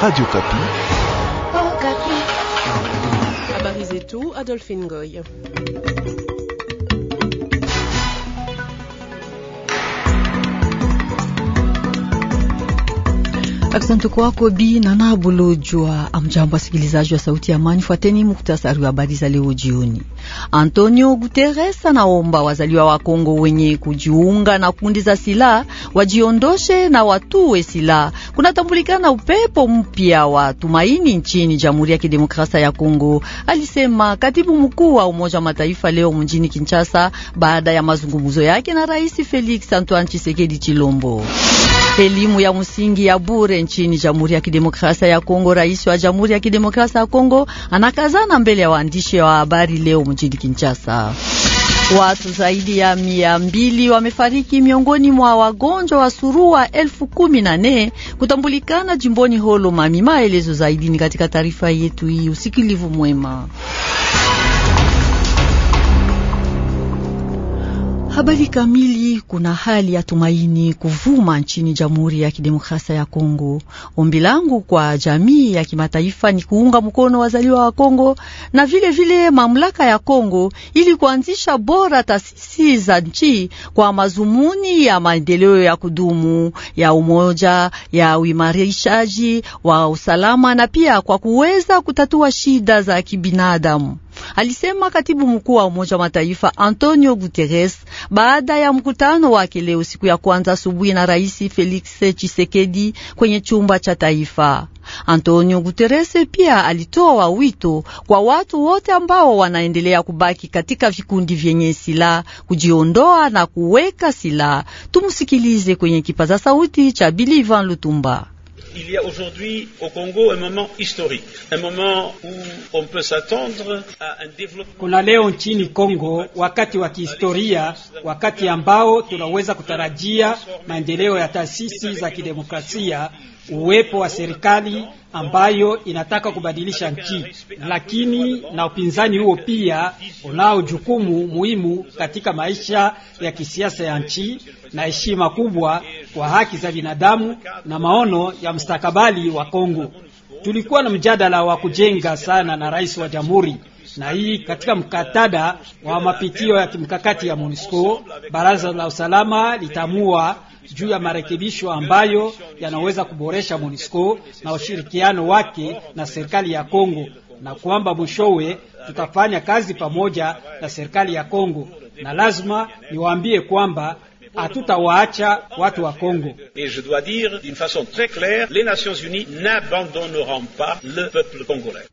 Radio Kapi. Oh, Kapi. Habari zetu Adolphine Goy. Asante kwako Bi Nana Bulojwa. Amjambo wasikilizaji wa Sauti ya Amani, fuateni muktasari wa habari za leo jioni. Antonio Guterres anaomba wazaliwa wa Kongo wenye kujiunga na kundi za silaha wajiondoshe na watuwe silaha. Kunatambulikana upepo mpya wa tumaini nchini Jamhuri ya Kidemokrasia ya Kongo, alisema katibu mkuu wa Umoja wa Mataifa leo mjini Kinshasa baada ya mazungumzo yake na Rais Felix Antoine chisekedi Chilombo elimu ya msingi ya bure nchini Jamhuri ya Kidemokrasia ya Kongo. Rais wa Jamhuri ya Kidemokrasia ya Kongo anakazana mbele ya waandishi wa habari leo mjini Kinshasa. Watu zaidi ya mia mbili wamefariki miongoni mwa wagonjwa wa surua elfu kumi na nne kutambulikana jimboni Holo Mami. Maelezo zaidi ni katika taarifa yetu hii. Usikilivu mwema. Habari kamili. Kuna hali ya tumaini kuvuma nchini Jamhuri ya Kidemokrasia ya Kongo. Ombi langu kwa jamii ya kimataifa ni kuunga mkono wazaliwa wa Kongo na vile vile mamlaka ya Kongo ili kuanzisha bora taasisi za nchi kwa mazumuni ya maendeleo ya kudumu ya umoja, ya uimarishaji wa usalama na pia kwa kuweza kutatua shida za kibinadamu alisema katibu mkuu wa Umoja wa Mataifa Antonio Guterres baada ya mkutano wake leo siku ya kwanza asubuhi na Rais Felix Tshisekedi kwenye chumba cha taifa. Antonio Guterres pia alitoa wito kwa watu wote ambao wanaendelea kubaki katika vikundi vyenye silaha kujiondoa na kuweka silaha. Tumsikilize kwenye kipaza sauti cha Bilivan Lutumba il y a aujourd'hui au Congo un moment historique, un moment où on peut s'attendre à un développement. Kuna leo nchini Kongo wakati wa kihistoria, wakati ambao tunaweza kutarajia maendeleo ya taasisi za kidemokrasia, uwepo wa serikali ambayo inataka kubadilisha nchi, lakini na upinzani huo pia unao jukumu muhimu katika maisha ya kisiasa ya nchi na heshima kubwa kwa haki za binadamu na maono ya mstakabali wa Kongo. Tulikuwa na mjadala wa kujenga sana na rais wa jamhuri na hii katika mkatada wa mapitio ya kimkakati ya MONUSCO, baraza la usalama litamua juu ya marekebisho ambayo yanaweza kuboresha MONUSCO na ushirikiano wake na serikali ya Kongo, na kwamba mwishowe tutafanya kazi pamoja na serikali ya Kongo. Na lazima niwaambie kwamba Et je dois dire d'une façon très claire, les Nations Unies n'abandonneront pas le peuple congolais.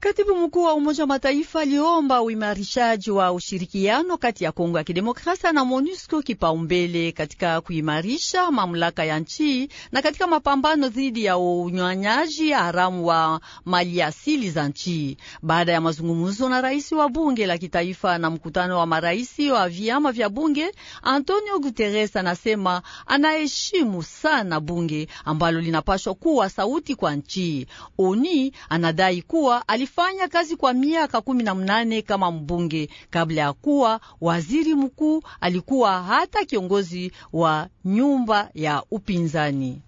Katibu mkuu wa Umoja wa Mataifa aliomba uimarishaji wa ushirikiano kati ya Kongo ya Kidemokrasia na MONUSCO kipaumbele katika kuimarisha mamlaka ya nchi na katika mapambano dhidi ya unywanyaji haramu wa mali asili za nchi. Baada ya mazungumzo na rais wa bunge la kitaifa na mkutano wa marais wa vyama vya bunge, Antonio Guterres anasema anaheshimu sana bunge ambalo linapashwa kuwa sauti kwa nchi. Oni anadai kuwa alif alifanya kazi kwa miaka kumi na mnane kama mbunge. Kabla ya kuwa waziri mkuu, alikuwa hata kiongozi wa nyumba ya upinzani.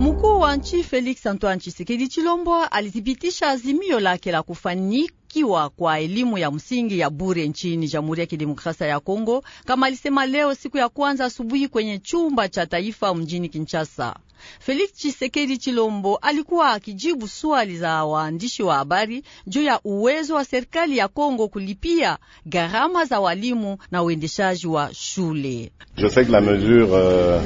Mkuu wa nchi Felix Antoine Chisekedi Chilombo alithibitisha azimio lake la kufanika kufikiwa kwa elimu ya msingi ya bure nchini Jamhuri ya Kidemokrasia ya Kongo, kama alisema leo siku ya kwanza asubuhi kwenye chumba cha taifa mjini Kinshasa. Felix chisekedi Chilombo alikuwa akijibu swali za waandishi wa habari juu ya uwezo wa serikali ya Kongo kulipia gharama za walimu na uendeshaji wa shule. Euh,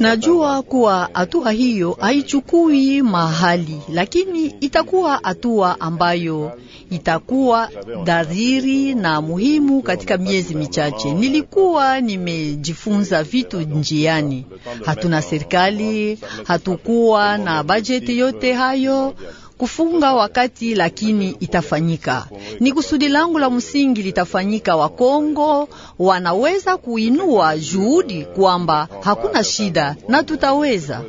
Najua kuwa hatua hiyo haichukui mahali, lakini itakuwa hatua ambayo itakuwa dhahiri na muhimu katika miezi michache. Nilikuwa nimejifunza vitu njiani. Hatuna serikali, hatukuwa na bajeti, yote hayo kufunga wakati lakini itafanyika. Ni kusudi langu la msingi litafanyika. Wakongo wanaweza kuinua juhudi kwamba hakuna shida na tutaweza.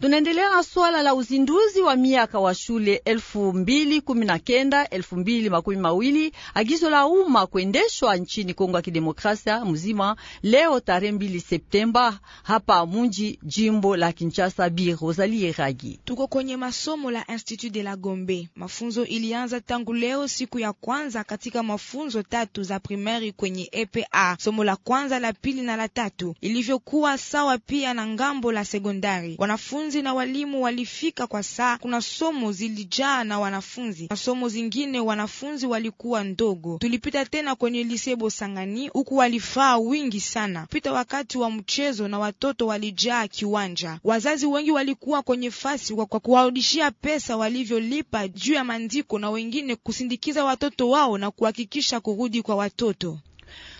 Tunaendelea na swala la uzinduzi wa miaka wa shule elfu mbili kumi na kenda elfu mbili makumi mawili agizo la umma kuendeshwa nchini Kongo ya Kidemokrasia mzima leo tarehe mbili Septemba hapa munji jimbo la Kinshasa. Bi Rosalie Ragi, tuko kwenye masomo la Institut de la Gombe. Mafunzo ilianza tangu leo siku ya kwanza katika mafunzo tatu za primari kwenye EPA, somo la kwanza, la pili na la tatu, ilivyokuwa sawa pia na ngambo la sekondari wanafunzi wanafunzi na walimu walifika kwa saa. Kuna somo zilijaa na wanafunzi na somo zingine wanafunzi walikuwa ndogo. Tulipita tena kwenye lisebo sangani huku walifaa wingi sana pita wakati wa mchezo na watoto walijaa kiwanja. Wazazi wengi walikuwa kwenye fasi kwa kuwarudishia pesa walivyolipa juu ya maandiko na wengine kusindikiza watoto wao na kuhakikisha kurudi kwa watoto.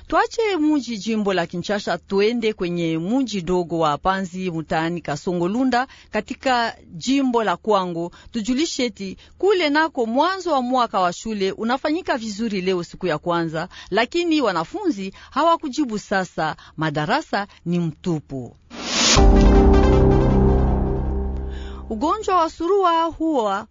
Twache muji jimbo la Kinshasa tuende kwenye muji dogo wa Panzi mutaani Kasongolunda katika jimbo la Kwango. Tujulishe eti kule nako mwanzo wa mwaka wa shule unafanyika vizuri leo siku ya kwanza, lakini wanafunzi hawakujibu. Sasa madarasa ni mtupu. Ugonjwa wa surua huwa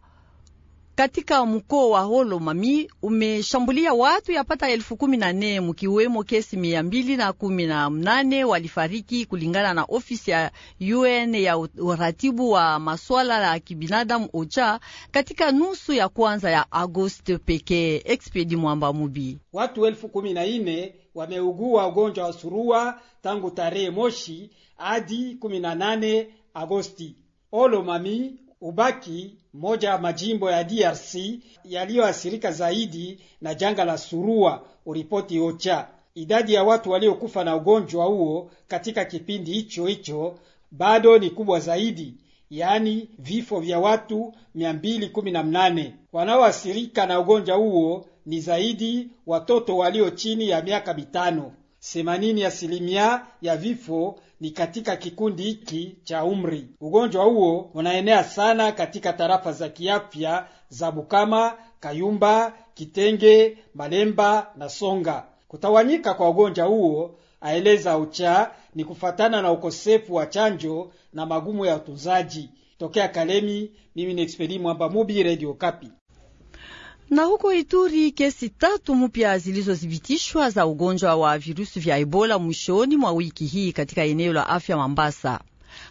katika mkoa wa Holomami umeshambulia watu yapata elfu kumi na nne mukiwemo kesi mia mbili na kumi na mnane walifariki kulingana na ofisi ya UN ya uratibu wa maswala la kibinadamu OCHA katika nusu ya kwanza ya Agosti pekee. Expedi Mwamba Mubi, watu elfu kumi na nne wameugua ugonjwa wa surua tangu tarehe moshi hadi nane Agosti. Holomami ubaki moja ya majimbo ya DRC yaliyoathirika zaidi na janga la surua, uripoti OCHA. Idadi ya watu waliokufa na ugonjwa huo katika kipindi hicho hicho bado ni kubwa zaidi, yaani vifo vya watu 218. Wanaoathirika na ugonjwa huo ni zaidi watoto walio chini ya miaka mitano themanini asilimia ya vifo ni katika kikundi hiki cha umri. Ugonjwa huo unaenea sana katika tarafa za kiafya za Bukama, Kayumba, Kitenge, Malemba na Songa. Kutawanyika kwa ugonjwa huo aeleza ucha ni kufatana na ukosefu wa chanjo na magumu ya utunzaji. Tokea Kalemi, mimi ni experi Mwamba Mubi, Radio Kapi. Na huko Ituri kesi tatu mpya zilizothibitishwa za ugonjwa wa virusi vya Ebola mwishoni mwa wiki hii katika eneo la afya Mambasa.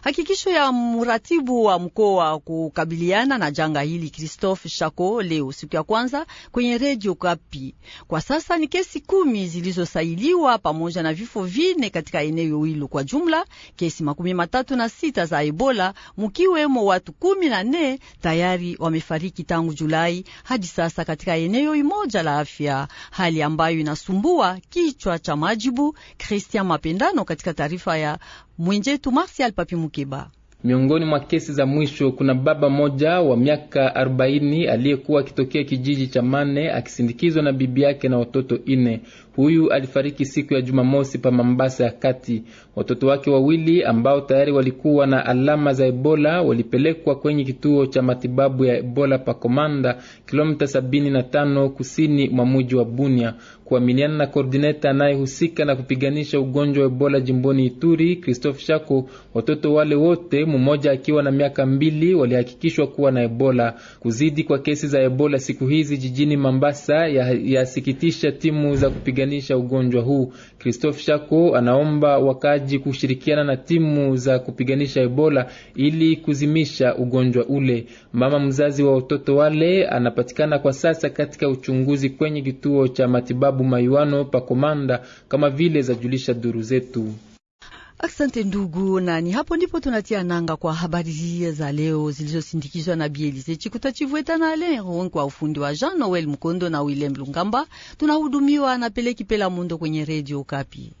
Hakikisho ya mratibu wa mkoa wa kukabiliana na janga hili Christophe Chaco leo siku ya kwanza kwenye redio Kapi. Kwa sasa ni kesi kumi zilizosailiwa pamoja na vifo vine katika eneo hilo, kwa jumla kesi makumi matatu na sita za Ebola, mukiwemo watu kumi na nne tayari wamefariki tangu Julai hadi sasa katika eneo imoja la afya, hali ambayo inasumbua kichwa cha majibu Christian Mapendano katika taarifa ya Mwenjetu Martial Papi Mukeba. Miongoni mwa kesi za mwisho kuna baba mmoja wa miaka 40 aliyekuwa akitokea kijiji cha Mane akisindikizwa na bibi yake na watoto ine. Huyu alifariki siku ya Jumamosi pa Mambasa ya kati. Watoto wake wawili ambao tayari walikuwa na alama za Ebola walipelekwa kwenye kituo cha matibabu ya Ebola pa Komanda, kilomita 75 kusini mwa mji wa Bunia kuaminiana na koordineta anayehusika na kupiganisha ugonjwa wa Ebola jimboni Ituri, Christophe Shako, watoto wale wote, mmoja akiwa na miaka mbili, walihakikishwa kuwa na Ebola. Kuzidi kwa kesi za Ebola siku hizi jijini Mambasa yasikitisha ya timu za kupiganisha ugonjwa huu. Christophe Shako anaomba wakaji kushirikiana na timu za kupiganisha Ebola ili kuzimisha ugonjwa ule. Mama mzazi wa watoto wale anapatikana kwa sasa katika uchunguzi kwenye kituo cha matibabu sababu maiwano pa komanda kama vile zajulisha duru zetu. Asante ndugu nani, hapo ndipo tunatia nanga kwa habari hii za leo zilizosindikizwa na Bielize Chikuta Chivweta na Alain Ron kwa ufundi wa Jean Noel Mkondo na william Lungamba. Tunahudumiwa na Peleki Pela Mundo kwenye Redio Kapi.